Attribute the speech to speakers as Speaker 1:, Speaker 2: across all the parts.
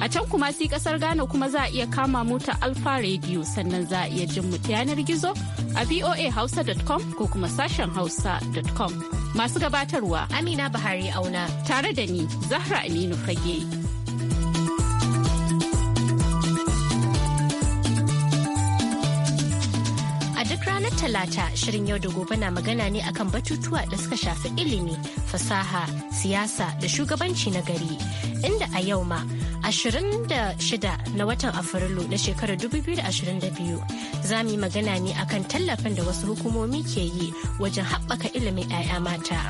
Speaker 1: A can kuma si kasar Ghana kuma za a iya kama mota Alfa Radio sannan za a iya jin mu ta yanar gizo a voahausa.com ko kuma sashen hausa.com. Masu gabatarwa Amina Bahari Auna tare da ni Zahra
Speaker 2: Aminu Fage. A duk ranar Talata shirin yau da gobe na magana ne akan batutuwa da suka shafi ilimi, fasaha, siyasa da shugabanci na gari. Inda a yau ma 26 na watan Afrilu na shekarar 2022 za mu yi magana ne akan tallafin da wasu hukumomi ke yi wajen haɓaka ilimin 'ya'ya mata.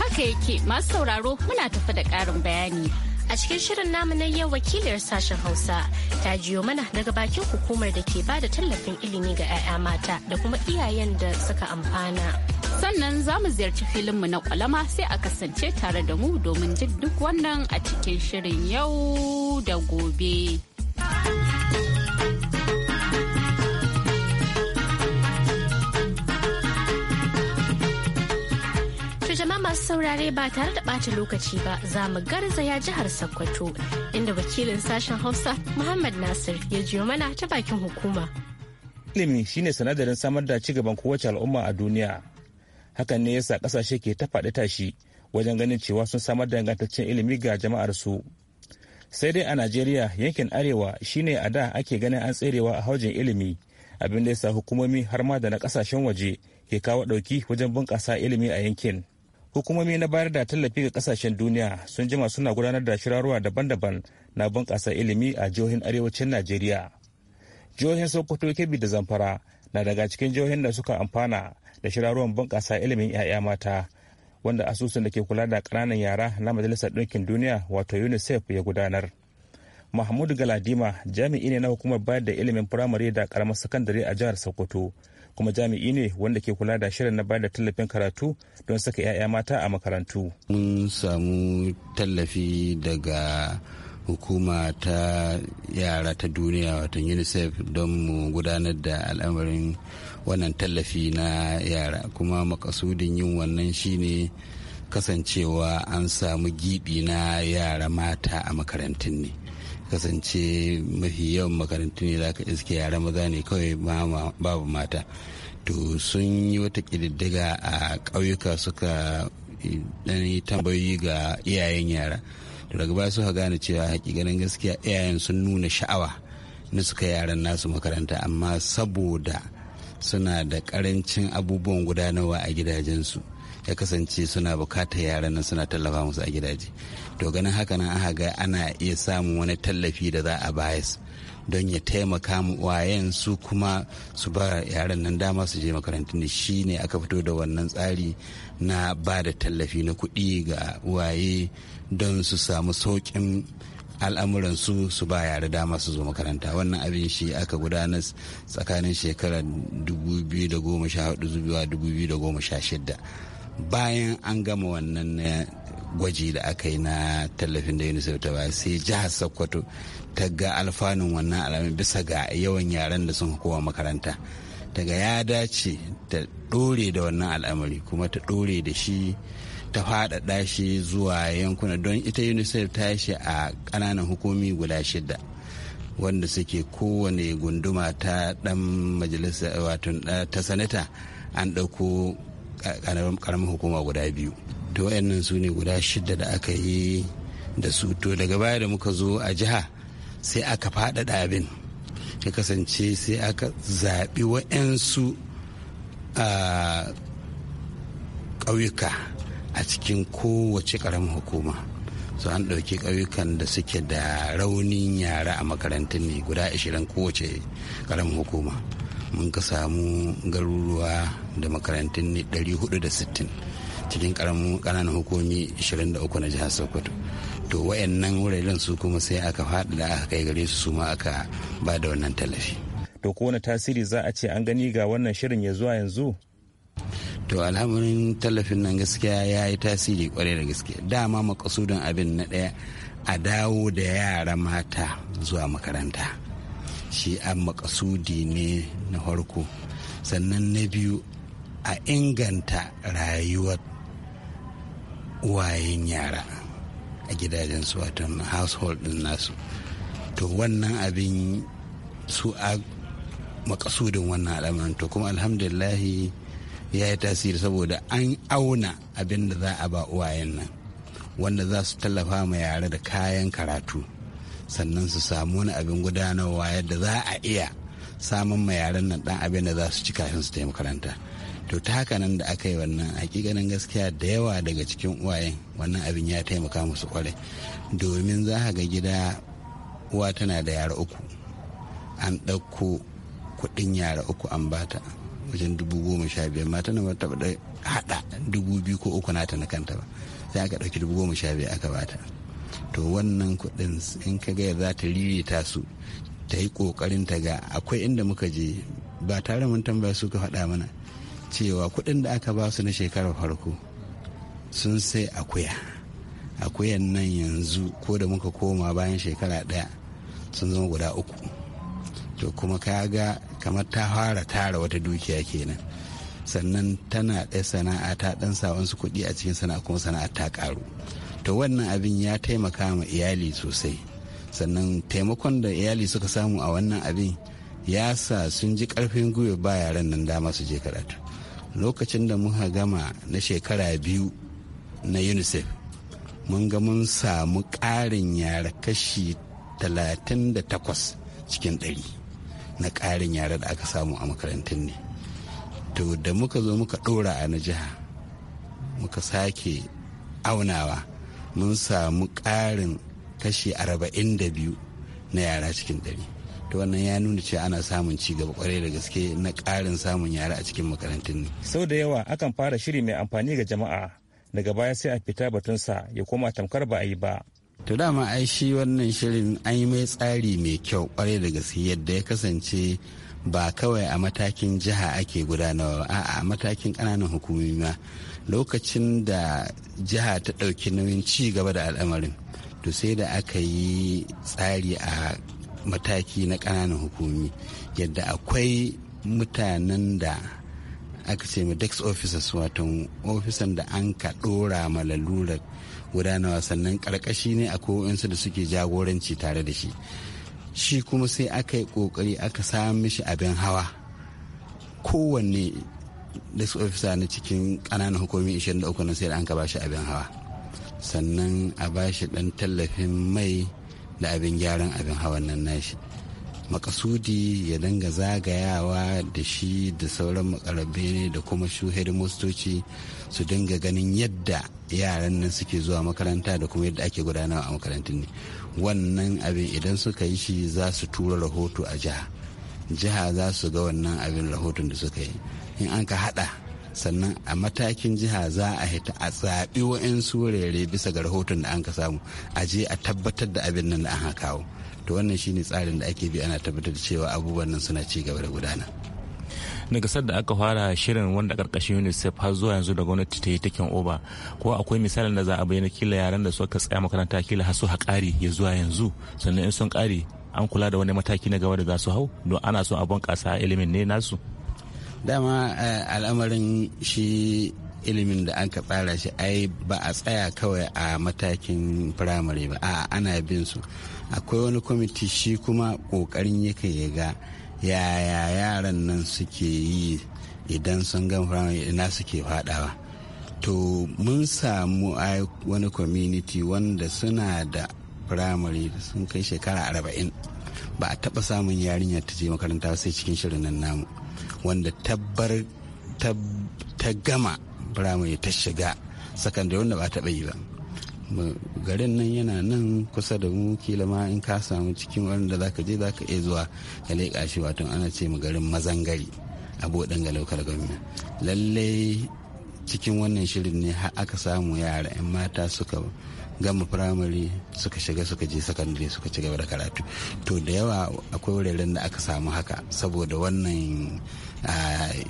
Speaker 2: Haka yake masu sauraro muna tafi da ƙarin bayani. A cikin shirin namu na yau wakiliyar sashen Hausa ta jiyo mana daga bakin hukumar da ke bada tallafin ilimi ga 'ya'ya mata da kuma iyayen da suka amfana. Sannan
Speaker 1: za mu ziyarci filinmu na kwalama sai a kasance tare da mu domin jin duk wannan a cikin shirin yau da gobe.
Speaker 2: masu saurare ba tare da ɓata lokaci ba za mu garzaya jihar Sokoto inda wakilin sashen Hausa Muhammad Nasir ya jiyo mana ta bakin hukuma.
Speaker 3: Ilimi shine sanadarin samar da ci gaban kowace al'umma a duniya. Hakan ne yasa kasashe ke ta faɗi tashi wajen ganin cewa sun samar da ingantaccen ilimi ga jama'ar su. Sai dai a Najeriya yankin Arewa shine a da ake ganin an tserewa a haujin ilimi abin da yasa hukumomi har ma da na kasashen waje ke kawo ɗauki wajen bunƙasa ilimi a yankin. hukumomi na bayar da tallafi ga kasashen duniya sun jima suna gudanar da shirarwa daban-daban na bunƙasa ilimi a jihohin arewacin najeriya jihohin sokoto kebbi da zamfara na daga cikin jihohin da suka amfana da shirarwan bunƙasa ilimin 'ya'ya mata wanda asusun da ke kula da ƙananan yara na majalisar ɗinkin duniya wato unicef ya gudanar mahmud galadima jami'i ne na hukumar bayar da ilimin firamare da ƙaramar sakandare a jihar sokoto kuma jami'i ne wanda ke kula da shirin na bayar da tallafin karatu don saka 'ya'ya mata a makarantu.
Speaker 4: Mun samu tallafi daga hukuma ta yara ta duniya watan unicef don mu gudanar da al'amarin wannan tallafi na yara kuma makasudin yin wannan shine kasancewa an samu gibi na yara mata a makarantun ne. kasance mafi yawan makarantu ne za ka iske yara maza ne kawai babu mata to sun yi wata kididdiga a ƙauyuka suka dan yi tambayoyi ga iyayen yara daga baya suka gane cewa hakikanin gaskiya iyayen sun nuna sha'awa na suka yaran nasu makaranta amma saboda suna da karancin abubuwan gudanarwa a gidajensu ya kasance suna bukatar yaran nan suna tallafa musu a gidaje to ganin haka nan aka ga ana iya samun wani tallafi da za a bayas don ya taimaka wayan su kuma su ba yaran nan dama su je makarantu ne shi ne aka fito da wannan tsari na ba da tallafi na kuɗi ga waye don su samu sauƙin al'amuran su su ba yara dama su zo makaranta wannan abin shi aka gudanar tsakanin shekarar 2014 zuwa bayan an gama wannan eh, gwaji da aka yi na tallafin da unicef ta ba sai jihar sokoto ta ga alfanun wannan alamun bisa ga yawan yaran da sun kowa makaranta daga ya dace ta ɗore da wannan al'amari kuma ta ɗore da shi ta faɗaɗa shi zuwa yankuna don ita unicef ta shi a ƙananan hukumi guda shida wanda suke kowane gunduma ta ɗan majalisa wato eh, ta sanata an ɗauko karamin hukuma guda biyu to wayannan su ne guda shida da aka yi da su to daga baya da muka zo a jiha sai aka faɗaɗa abin ya kasance sai aka zaɓi wayansu a ƙauyuka a cikin kowace ƙaramin hukuma su an ɗauki ƙauyukan da suke da raunin yara a makarantun ne guda 20 kowace ƙaramin hukuma mun ka samu garuruwa da makarantun ne 460 cikin ƙananan hukumi 23 na jihar sokoto to wayannan wuraren su kuma sai aka faɗi da aka kai gare su su ma aka ba da wannan tallafi to
Speaker 3: ko wani tasiri za a ce an gani ga wannan shirin ya zuwa yanzu
Speaker 4: to alhamarin tallafin nan gaskiya ya yi tasiri kwarai da gaske dama makasudin abin na ɗaya a dawo da yara mata zuwa makaranta shi an makasudi ne na harko sannan na biyu a inganta rayuwar wayan yara a gidajen su wato household din nasu to wannan abin su a makasudin wannan al'amarin to kuma alhamdulillahi ya yi tasiri saboda an auna abin da za a ba uwayen nan wanda za su tallafa ma yara da kayan karatu sannan su samu wani abin gudanarwa yadda za a iya samun ma yaren nan dan abin da za su ci kafin su taimaka makaranta to ta haka nan da aka yi wannan hakikanin gaskiya da yawa daga cikin uwayen wannan abin ya taimaka musu kwarai domin za ka ga gida uwa tana da yara uku an ɗauko kuɗin yara uku an bata wajen dubu goma sha biyar mata na taɓa haɗa dubu biyu ko uku na ta na kanta ba sai aka ɗauki dubu goma sha biyar aka bata to wannan kudin in ka ga za ta ririta su ta yi kokarin ta ga akwai inda muka je ba tare mun tambaya su ka faɗa mana cewa kudin da aka ba su na shekarar farko sun sai akuya akuyan nan yanzu ko da muka koma bayan shekara ɗaya sun zama guda uku to kuma ka ga kamar ta fara tara wata dukiya kenan sannan tana ɗaya sana'a ta ɗan sa wasu kuɗi a cikin sana'a kuma sana'a ta ƙaru to wannan abin ya taimaka ma iyali sosai sannan taimakon da iyali suka samu a wannan abin ya sa sun ji karfin gwiwa ba yaran nan dama su je karatu lokacin da muka gama na shekara biyu na unicef mun ga mun samu ƙarin yara kashi 38 cikin ɗari na ƙarin yara da aka samu a makarantun ne to da muka zo muka ɗora a na jiha muka sake aunawa mun samu ƙarin kashi 42 na yara cikin ɗari to wannan ya nuna cewa ana samun ci
Speaker 3: gaba kwarai da gaske na karin samun yara a cikin makarantun ne sau da yawa akan fara shiri mai amfani ga jama'a daga baya sai a fita batunsa ya koma tamkar ba a yi ba to dama
Speaker 4: ai shi wannan shirin an yi mai tsari mai kyau kwarai da gaske yadda ya kasance ba kawai a matakin jiha ake gudanarwa a'a a matakin ƙananan hukumomi ma lokacin da jiha ta ɗauki nauyin ci gaba da al'amarin to sai da aka yi tsari a mataki na ƙananan hukumi yadda akwai mutanen da aka ce ma dex officers wato ofisan da an ka ɗora ma lalurar gudanawa sannan ƙarƙashi ne a kowansu da suke jagoranci tare da shi shi kuma sai aka yi ƙoƙari aka sami shi abin hawa kowanne disk officer na cikin ƙananan hukumomi 23 na sai an ka bashi abin hawa sannan a bashi ɗan tallafin mai da abin gyaran abin hawan nan nashi makasudi ya danga zagayawa da shi da sauran makarabe da kuma shuhari mostoci su dinga ganin yadda yaran nan suke zuwa makaranta da kuma yadda ake gudanarwa a makarantun ne wannan abin idan suka yi shi za su tura rahoto a jiha jiha za su ga wannan abin rahoton da suka yi in an ka hada sannan a matakin jiha za a hita a zaɓi wa'yansu wurare bisa ga rahoton da an ka samu a je a tabbatar da abin nan da an kawo to wannan shine tsarin da ake bi ana tabbatar da cewa abubuwan nan suna ci gaba da gudana
Speaker 3: daga da aka fara shirin wanda karkashin unicef har zuwa yanzu da gwamnati ta yi kyan oba ko akwai misalin da za a bayyana kila yaran da suka tsaya makaranta kila hasu ha haƙari ya zuwa yanzu sannan in sun kari an kula da wani mataki na gaba da za su hau don ana so a bunkasa ilimin ne nasu
Speaker 4: dama eh, al'amarin shi ilimin da an ka tsara shi ai ba a tsaya kawai a matakin firamare ba a ana bin su akwai wani kwamiti shi kuma kokarin yake ya ga yaya yaran nan suke yi idan sun gan firamare ina suke fadawa to mun samu ai wani community wanda suna da firamare sun kai shekara arba'in ba a taba samun yarinyar ta je makaranta sai cikin shirin nan namu wanda tabbar ta gama firamare ta shiga sakandare wanda ba taɓa yi ba garin nan yana nan kusa da mu kila ma in ka samu cikin wanda da ka je za ka iya zuwa ka leƙa shi wato ana ce mu garin mazangari a buɗin ga laukar gwamna lallai cikin wannan shirin ne aka samu yara 'yan mata suka gama firamare suka shiga suka je sakandare suka ci gaba da karatu to da yawa akwai wuraren da aka samu haka saboda wannan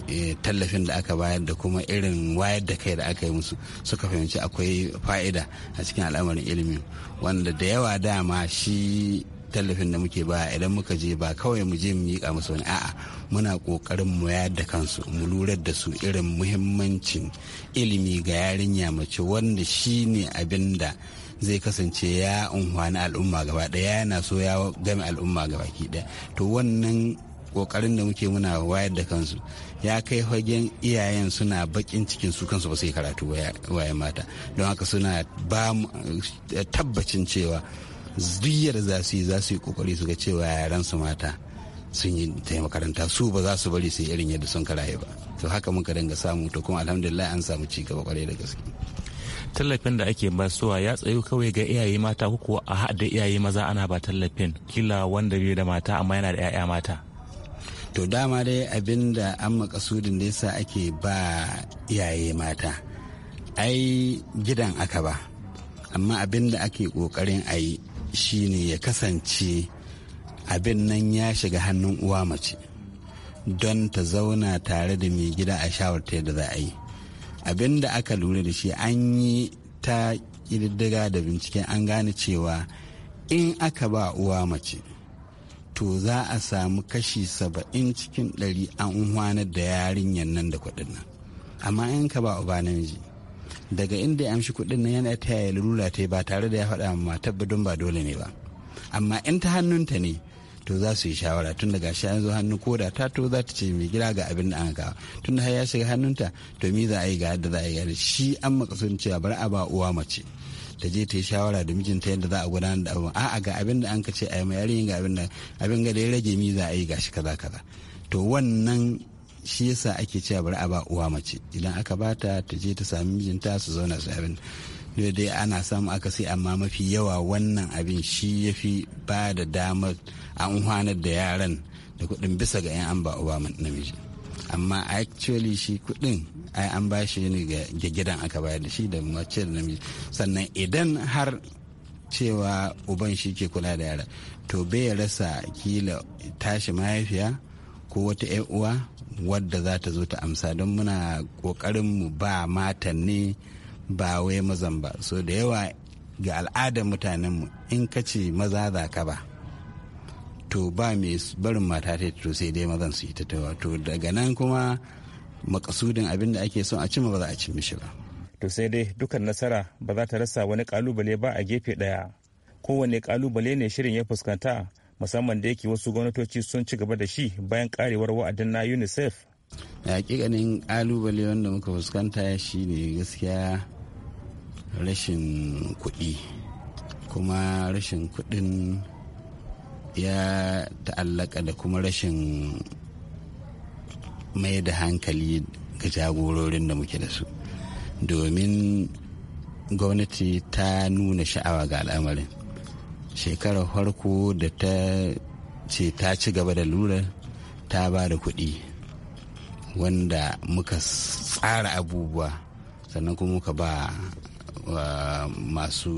Speaker 4: e, tallafin da aka bayar da kuma irin wayar da kai da aka yi musu suka fahimci akwai fa'ida a cikin al'amarin ilimin wanda da yawa dama shi tallafin da muke ba idan muka je ba kawai mu je mu yi musu a'a muna kokarin mu yayar da kansu mu lura da su irin muhimmancin ilimi ga yarinya mace wanda shine ne abin da zai kasance ya unhwani al'umma gaba ɗaya yana so ya game al'umma gaba ki ɗaya to wannan kokarin da muke muna wayar da kansu ya kai fagen iyayen suna bakin cikin su kansu ba su yi karatu waye mata don haka suna ba eh, tabbacin cewa duk za su yi za su yi kokari su ga cewa yaran su mata sun yi ta makaranta su ba za su bari su irin yadda sun karaye ba to haka muka dinga samu to kuma alhamdulillah an samu ci gaba kwarai da gaske
Speaker 3: tallafin da ake suwa ya tsayo kawai ga iyaye mata kuko a haɗa iyaye maza ana ba tallafin kila wanda bai da mata amma yana da 'ya'ya mata
Speaker 4: to dama dai abin da an makasudin da yasa ake ba iyaye mata ai gidan aka ba amma abin da ake kokarin ayi. shine ya kasance abin nan ya shiga hannun uwa mace don ta zauna tare da mai gida a shawarta yadda za a yi abin da aka lura da shi an yi ta ƙididdiga da binciken an gane cewa in aka ba uwa mace to za a samu kashi saba'in cikin ɗari an hwanar da yarinyar nan da kuɗin nan amma in ka ba uba namiji daga inda ya amshi kuɗin nan yana ta yi lura ta ba tare da ya faɗa ma matar don ba dole ne ba amma in ta hannunta ne to za su yi shawara tun daga shi an zo hannu ko da ta to za ta ce mai gida ga abin da an kawo tun da ya shiga hannunta to mi za a yi ga yadda za a yi shi an makasudin cewa bari a ba uwa mace ta je ta yi shawara da mijinta yadda za a gudanar da abin a'a ga abin da an ka ce a yi ma yarinya ga abin da abin ga da ya rage mi za a yi gashi kaza kaza to wannan shi yasa ake cewa bari a ba uwa mace idan aka bata ta je ta sami mijinta su zauna su abin dai ana samu aka sai amma mafi yawa wannan abin shi ya fi ba da damar an hwanar da yaran da kuɗin bisa ga 'yan an ba uwa namiji amma actually shi kuɗin ai an ba shi ne ga gidan aka bayar da shi da mace da namiji sannan idan har cewa uban shi ke kula da yara to bai rasa kila tashi mahaifiya ko wata 'yan uwa wadda za ta zo ta amsa don muna ƙoƙarin mu ba matan ne ba wai mazan ba so da yawa ga al'adar mutanenmu in ka ce maza za ka ba to ba mai barin mata ta to sai dai mazan su
Speaker 3: yi ta to daga nan kuma makasudin abin da ake son a cima ba za a ci mishi ba to sai dai dukan nasara ba za ta rasa wani kalubale ba a gefe daya kowane kalubale ne shirin ya fuskanta musamman da yake wasu gwamnatoci sun ci gaba da shi bayan karewar wa'adin na unicef hakikanin kalubale wanda muka fuskanta shi ne
Speaker 4: gaskiya rashin kuɗi kuma rashin kuɗin ya ta'allaka da kuma rashin mai da hankali ga jagororin da muke da su domin gwamnati ta nuna sha'awa ga al'amarin shekarar farko da ta ce ta ci gaba da lura ta ba da kuɗi wanda muka tsara abubuwa sannan kuma muka ba masu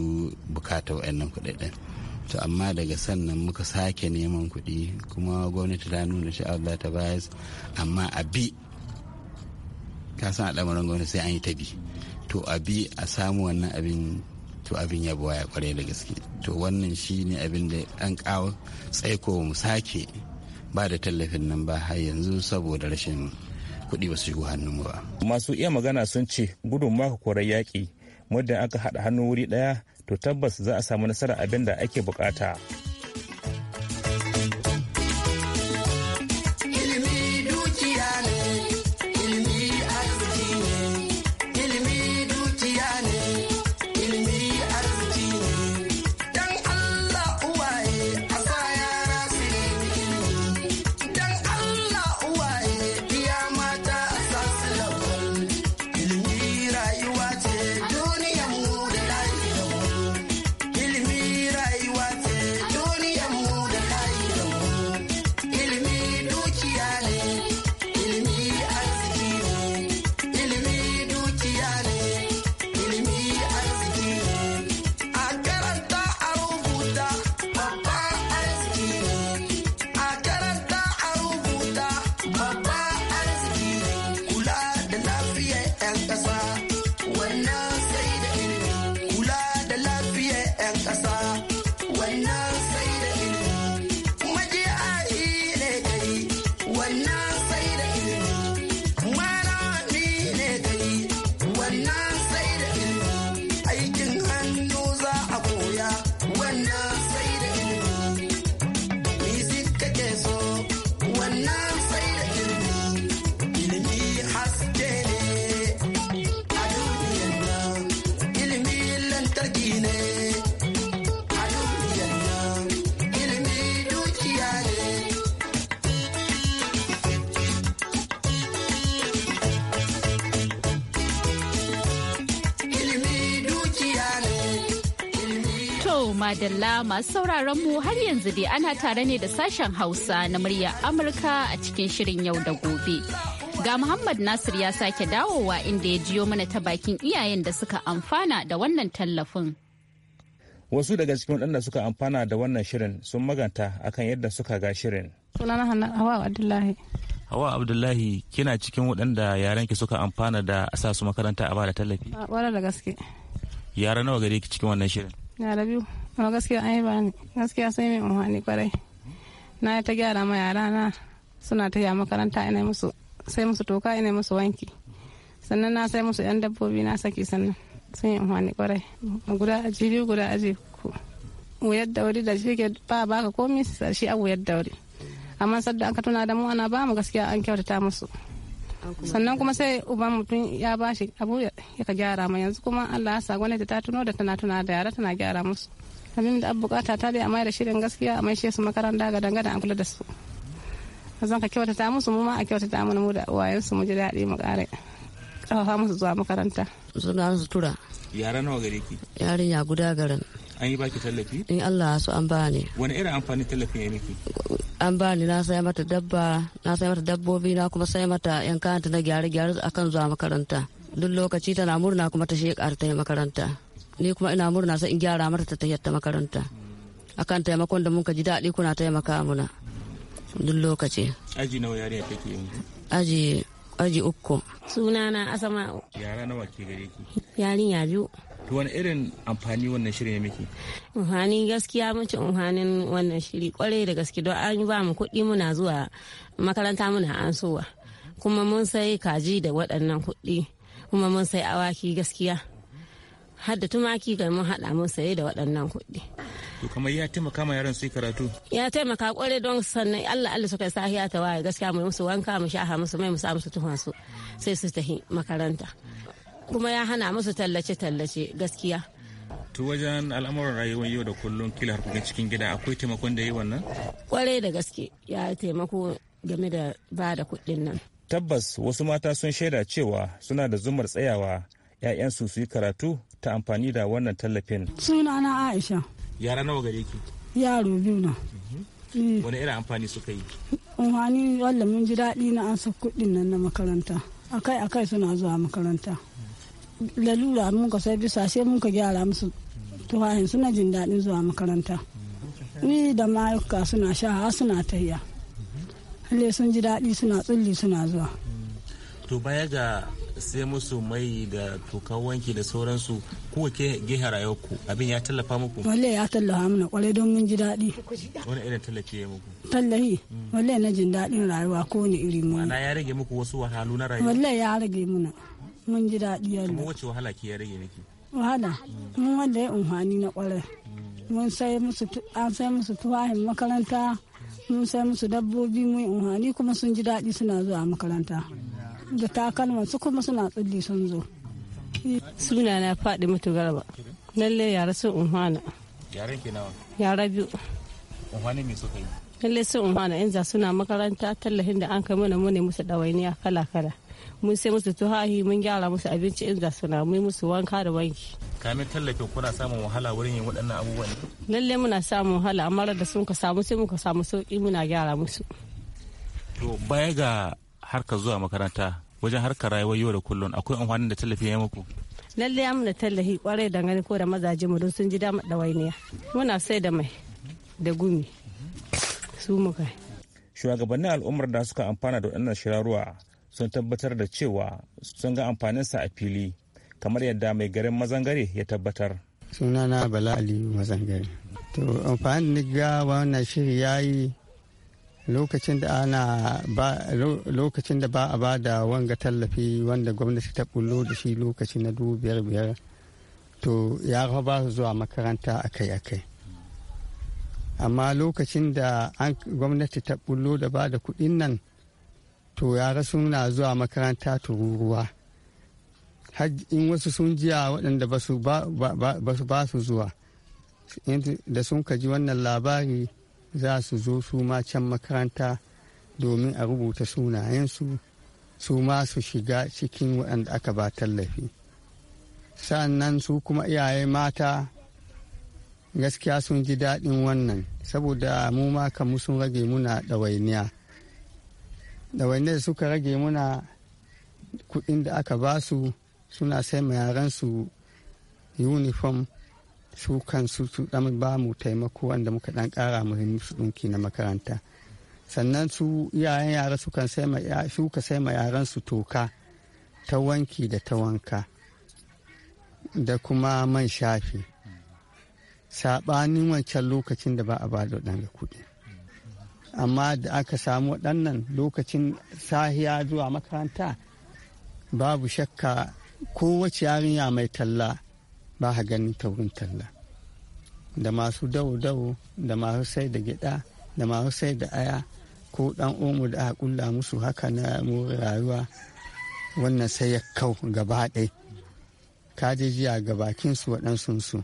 Speaker 4: bukata wa'annan kuɗaɗen to amma daga sannan muka sake neman kuɗi kuma gwamnati ta nuna shi Allah ta bayas amma a bi ka san a ɗamarin gwamnati sai an yi ta bi to a bi a samu wannan abin to abin ya baya kwarai da gaske to wannan shi ne abin da an kawo tsaiko mu sake ba da tallafin nan ba har
Speaker 3: yanzu saboda rashin kuɗi ba su shigo hannunmu ba masu iya magana sun ce gudun maka korar yaƙi muddin aka haɗa hannu wuri ɗaya to tabbas za a samu nasarar abin da ake bukata
Speaker 1: madalla masu sauraron mu har yanzu dai ana tare ne da sashen hausa na murya amurka a cikin shirin yau da gobe ga muhammad nasir ya sake dawowa inda ya jiyo mana ta bakin iyayen da suka amfana da wannan tallafin
Speaker 3: wasu daga cikin waɗanda suka amfana da wannan shirin sun maganta akan yadda suka ga shirin
Speaker 5: sunana hawa abdullahi
Speaker 3: hawa abdullahi kina cikin waɗanda yaran ki suka amfana da asasu su makaranta a bada tallafi Wala da gaske yara nawa gare ki cikin wannan shirin
Speaker 5: na da biyu amma gaskiya an yi ba ni gaskiya sai mai umarni kwarai na ta gyara ma yara na suna ta ya makaranta ina musu sai musu toka ina musu wanki sannan na sai musu yan dabbobi na saki sannan sun yi umarni kwarai guda aji biyu guda aji ku wuyar da wuri da shi ke ba baka komi shi a wuyar da wuri amma sadda aka tuna da mu ana ba mu gaskiya an kyautata musu sannan kuma sai uban mutum ya bashi abu ya ka gyara ma yanzu kuma allah ya sa gwamnati ta tuno da tana tuna da yara tana gyara musu abin da abu bukata ta dai a mai da shirin gaskiya a shi su makaranta ga dangane a kula da su zan ka kyautata musu mu ma a kyautata mana mu da su mu ji daɗi mu ƙare ƙafafa musu zuwa makaranta sunan
Speaker 6: su tura
Speaker 3: yaran nawa gare ki
Speaker 6: yarin ya guda garin
Speaker 3: an yi baki tallafi in Allah
Speaker 6: so an bani
Speaker 3: wani irin amfani tallafi ya miki
Speaker 6: an bani na sai mata dabba na sai mata dabbobi na kuma sai mata yan kanta na gyare gyare akan zuwa makaranta duk lokaci tana murna kuma ta sheka ta makaranta ni kuma ina murna sai in gyara mata ta tafiyar ta makaranta akan taimakon da muka ji daɗi kuna taimaka muna duk lokaci
Speaker 3: aji nawa yarinya take yanzu
Speaker 6: aji aji uku
Speaker 5: na asama
Speaker 3: yara nawa ke gare ki
Speaker 1: yarinya biyu
Speaker 3: to wani irin amfani wannan shirin ya miki
Speaker 1: amfani gaskiya mace amfanin wannan shiri kwarai da gaske don an ba mu kuɗi muna zuwa makaranta muna sowa kuma mun sai kaji da waɗannan kuɗi kuma mun sai awaki gaskiya har da tumaki kai mun haɗa mun saye da waɗannan kuɗi.
Speaker 3: To kamar ya taimaka ma yaran su karatu?
Speaker 1: Ya taimaka kwarai don sannan Allah Allah suka sa ya tawaye gaskiya mu musu wanka mu sha musu mai mu sa musu tuhon su sai su tafi makaranta. kuma ya hana musu tallace-tallace gaskiya
Speaker 3: to wajen al'amuran rayuwar yau da kullum kila harkokin cikin gida akwai taimakon da yi wannan
Speaker 1: kwarai da gaske ya taimako game da ba
Speaker 5: da kuɗin nan
Speaker 3: tabbas wasu mata sun shaida cewa suna da zumar tsayawa 'ya'yansu su yi karatu ta amfani da wannan tallafin
Speaker 5: suna na aisha
Speaker 3: yara nawa gare ki
Speaker 5: yaro biyu na mhm. mm. wani
Speaker 3: irin amfani suka yi
Speaker 5: amfani wanda mun ji daɗi na an sa kuɗin nan na makaranta akai akai suna zuwa makaranta lalura mun ka sai bisa sai mun ka gyara musu to hayin suna jin daɗin zuwa makaranta ni da mayuka suna sha suna tayya halle sun ji daɗi suna tsulli suna zuwa
Speaker 3: to baya ga sai musu mai da tokan wanki da sauransu ko ke gehe rayuwarku abin ya tallafa muku wale
Speaker 5: ya tallafa mana kwarai don mun ji daɗi
Speaker 3: wani irin tallafi ya muku
Speaker 5: tallafi wale na jin daɗin rayuwa ko wani iri mu
Speaker 3: ya rage muku wasu wahalu na rayuwa wale
Speaker 5: ya rage muna mun ji daɗi yalla kuma wace
Speaker 3: wahala ki ya rage miki
Speaker 5: wahala mun wanda ya umfani na kwarai mun sai musu an sai musu tuwahin makaranta mun sai musu dabbobi mun umfani kuma sun ji daɗi suna zuwa makaranta da takalman su kuma suna tsulli sun zo suna na faɗi mutu garba lalle yara sun umfana yaran ke nawa yara biyu
Speaker 3: umfani me suka yi
Speaker 5: lalle sun umfana za suna makaranta tallahin da an kai mana mu ne musu ɗawainiya kala kala mun sai musu tuhahi mun gyara musu abinci in za su na musu wanka da wanki
Speaker 3: kamin tallafi kuna samun wahala wurin yin waɗannan abubuwa ne.
Speaker 5: lalle muna samun wahala amma da sun ka samu sai muka samu sauki muna gyara musu
Speaker 3: to baya ga harka zuwa makaranta wajen harka rayuwar yau da kullum akwai amfanin da tallafi ya muku
Speaker 5: lalle ya muna tallafi kwarai dangane ko da mazaje mu don sun ji damar ɗawainiya muna sai da mai da gumi su muka
Speaker 3: shugabannin al'ummar da suka amfana da waɗannan shirarruwa sun tabbatar da cewa sun ga amfaninsa a fili kamar yadda mai garin mazangare ya tabbatar. sunana bala ali mazangare
Speaker 7: to amfani ga wannan shiri ya lokacin da ba lokacin da a ba da wanga tallafi wanda gwamnati ta bullo da shi lokaci na dubu biyar biyar to ya ba su zuwa makaranta akai akai amma lokacin da gwamnati ta bullo da ba da kuɗin nan to yara suna zuwa makaranta tururuwa in wasu sun jiya waɗanda ba su ba su zuwa da sun kaji wannan labari za su zo su ma can makaranta domin a rubuta sunayensu su ma su shiga cikin waɗanda aka ba tallafi sannan su kuma iyaye mata gaskiya sun ji daɗin wannan saboda mu ma kamu sun rage muna ɗawainiya da wanne suka rage muna kuɗin da aka ba su suna sai ma yaran su uniform su kansu su dan ba mu taimako wanda muka dan kara muhimmi su ɗinki na makaranta sannan su iyayen yara su kan sai ma su ka sai ma yaran su toka ta wanki da ta wanka da kuma man shafi sabanin wancan lokacin da ba a ba da kuɗi amma da aka samu waɗannan lokacin sahiya zuwa makaranta babu shakka kowace yarinya mai talla ba ha ganin taurin talla da masu dawo-dawo da masu sai da gida da masu sai da aya ko ɗan omo da aka kulla musu haka na more rayuwa wannan sai ya kau gaba ɗai jiya ga bakin bakinsu waɗansu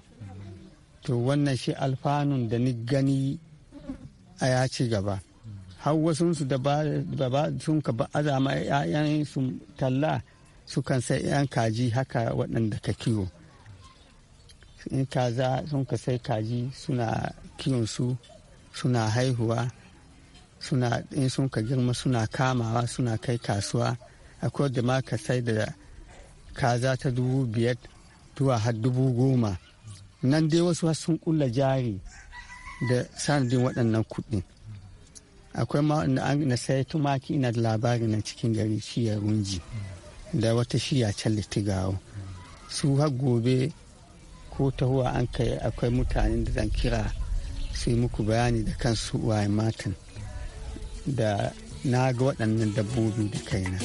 Speaker 7: to wannan shi alfanun da ni gani a ya ci gaba har wasu su da ba sun ka azama 'ya'yan su talla su kan sai 'yan kaji haka waɗanda ka kiwo in kaza sun ka sai kaji suna kiwon su suna haihuwa suna in sun ka girma suna kamawa suna kai kasuwa akwai da ma ka sai da kaza ta dubu biyar zuwa har dubu goma nan dai wasu sun kulla jari da sanadin waɗannan kuɗi akwai ma na sai tumaki na da labari na cikin gari shiya runji da wata shiya can litigawo su har gobe ko tahowa an kai akwai mutanen da zan kira su yi muku bayani da kansu waye matan da na ga waɗannan dabbobi da kaina.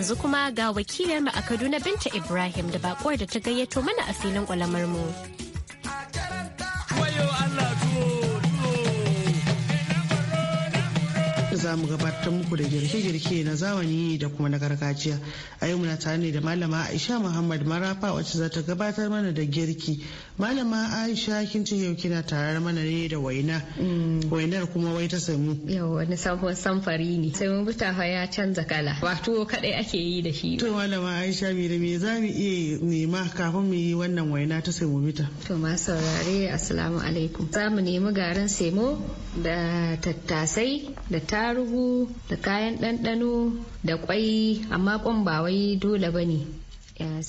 Speaker 2: Yanzu kuma ga mu a Kaduna Binta Ibrahim da bakuwar da ta gayyato mana a filin mu.
Speaker 8: gabatar muku da girke-girke na zamani da kuma na gargajiya. A yau muna tare ne da Malama Aisha Muhammad Marafa wacce za ta gabatar mana da girki. Malama Aisha
Speaker 6: kin ce yau kina tarar mana ne da waina. Mm. Wainar kuma wai ta samu. Yau wani sabon samfari ne. Sai mun butafa ya canza kala. Wato kadai ake yi da shi. To Malama Aisha me da me za mu iya nema kafin mu yi wannan waina ta samu bita. To ma saurare Assalamu alaikum. Za mu nemi garin semo da tattasai da tarugu da kayan ɗanɗano da ƙwai amma ƙwan ba wai dole ba ne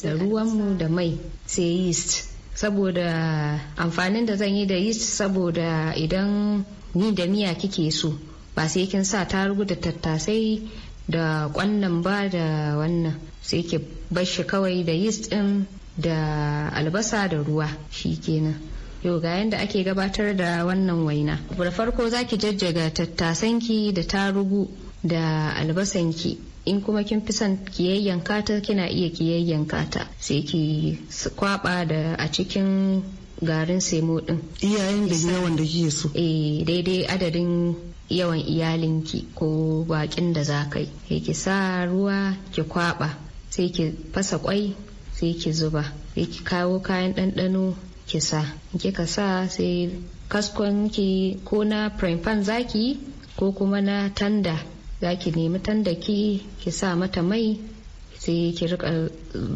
Speaker 6: da ruwanmu da mai sai yeast saboda amfanin da zan yi da yeast saboda idan ni da miya kike so ba sai kin sa ta tarugu da tattasai da ƙwannan ba da wannan sai ke bashi kawai da yeast ɗin da albasa da ruwa shi kenan yau ga yadda ake gabatar da wannan waina da farko za ki jajjaga tattasanki da tarugu da albasanki in kuma kin fi son kiyayyanka ta kina iya kiyayyanka ta sai ki kwaba da a cikin garin semo din iyayen da yawan da kike so eh daidai adadin yawan iyalinki ko bakin da za kai sai ki sa ruwa ki kwaba sai ki fasa kwai sai ki zuba sai ki kawo kayan ɗanɗano ki kika sa sai kaskon ki ko na frying pan zaki ko kuma na tanda zaki nemi tanda ki ki sa mata mai sai ki rika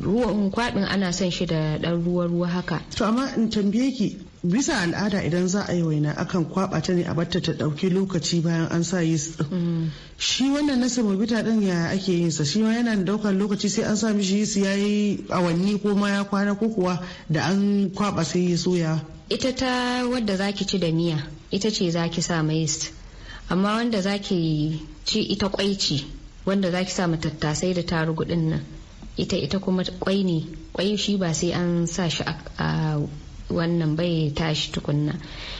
Speaker 6: ruwan kwadin ana son shi da dan ruwa ruwa haka to amma in tambaye ki
Speaker 8: bisa al'ada idan za a yi waina akan kwaba ta ne a batta ta dauki lokaci bayan an sa yi shi wannan na mabita din ya ake yin sa shi ma yana daukar lokaci sai an sa mishi
Speaker 6: ya yi awanni ko ma ya kwana ko kuwa da an kwaba sai ya soya ita ta wadda zaki ci da miya ita ce zaki sa ma yeast amma wanda zaki ci ita kwai ce wanda zaki sa ma tattasai da tarugu din nan ita ita kuma kwai ne kwai shi ba sai an sa shi a wannan bai tashi tukunna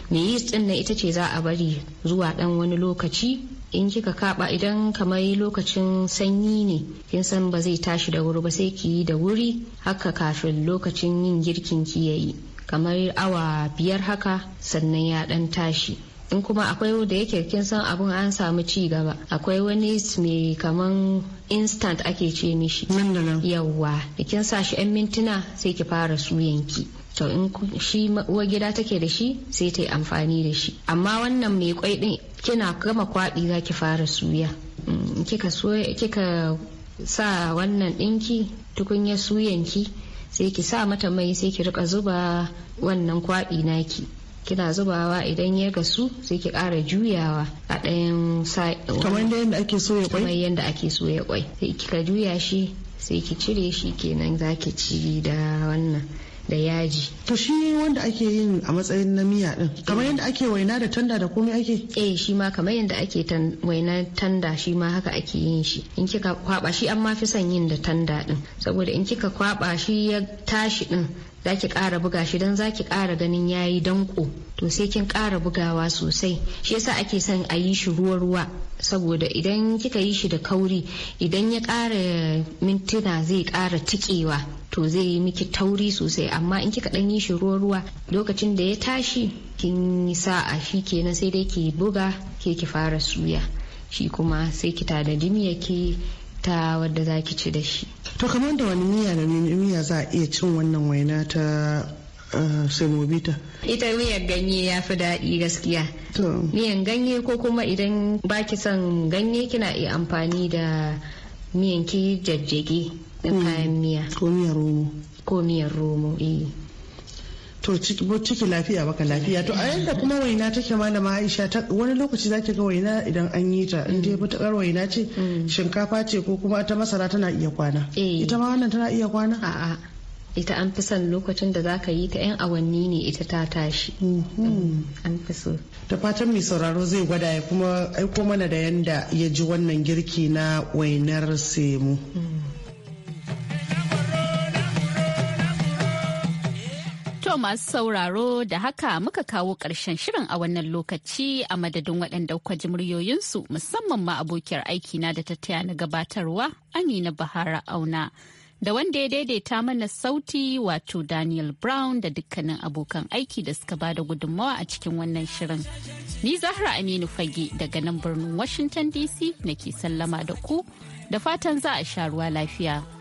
Speaker 6: me yi din ita ce za a bari zuwa dan wani lokaci in kika kaba idan kamar lokacin sanyi ne kin san ba zai tashi da wuri ba sai ki yi da wuri haka kafin lokacin yin girkin ki yayi kamar awa biyar haka sannan ya dan tashi in kuma akwai da yake kin san abun an samu ci gaba akwai wani mai kaman instant ake ce mishi yawwa kin sa shi 'yan mintuna sai ki fara suyanki to in shi uwar gida take da shi sai ta yi amfani da shi amma wannan mai kwai din kina gama kwaɗi za ki fara suya mm, kika sa wannan ɗinki tukunya suyanki sai ki sa mata mai sai ki rika zuba wannan kwaɗi naki kina zubawa idan ya gasu sai ki ƙara juyawa a ɗayan kamar yadda ake soya kwai sai kika juya shi sai ki cire shi kenan za ki ci da wannan da yaji to shi wanda ake yin a matsayin na miya din kamar yadda ake waina da tanda da komai ake eh shi ma kamar yadda ake waina tanda shi ma haka ake yin shi in kika kwaba shi an ma fi son yin da tanda din saboda in kika kwaba shi ya tashi din za ki ƙara buga shi don za ki ƙara ganin ya yi danko to sai kin ƙara bugawa sosai shi yasa ake son a yi shi ruwa-ruwa saboda idan kika yi shi da kauri idan ya ƙara mintuna zai ƙara tikewa to zai yi miki tauri sosai amma in kika ɗan yi shi ruwa-ruwa lokacin da ya tashi kin yi sa'a shi kenan sai dai ki buga ke ki fara suya shi kuma sai ki tanadi ki ta wadda za ki ci da shi to kamar da wani
Speaker 8: miya da miya za a iya cin wannan waina ta eh, semovita
Speaker 6: ita miyan ganye ya fi daɗi gaskiya miyan ganye ko kuma idan baki son ganye kina iya amfani da miyan ki jajjage da mm. kayan miya ko miyar romo ko miyar romo eh
Speaker 8: to ciki lafiya baka lafiya to a yadda kuma waina take malama Aisha wani lokaci zaki ga waina idan an yi ta in dai fitakar mm. waina ce mm. shinkafa ce ko kuma ta masara tana iya kwana
Speaker 6: eh. ita ma wannan tana iya kwana a'a ita an fi son lokacin da zaka yi ta 'yan awanni ne ita ta tashi mm-hmm. mm, an fi so
Speaker 8: da fatan mai sauraro zai gwada ya kuma aiko mana da yanda ya ji wannan girki na wainar semu
Speaker 1: To masu sauraro da haka muka kawo ƙarshen shirin a wannan lokaci a madadin waɗanda kuka ji muryoyinsu musamman ma abokiyar aikina da ta taya na gabatarwa Amina Bahara Auna. Da wanda ya daidaita mana sauti wato Daniel Brown da dukkanin abokan aiki da suka bada gudunmawa a cikin wannan shirin. Ni Zahra Aminu Fage daga nan birnin Washington DC nake sallama da ku da fatan za a sha ruwa lafiya.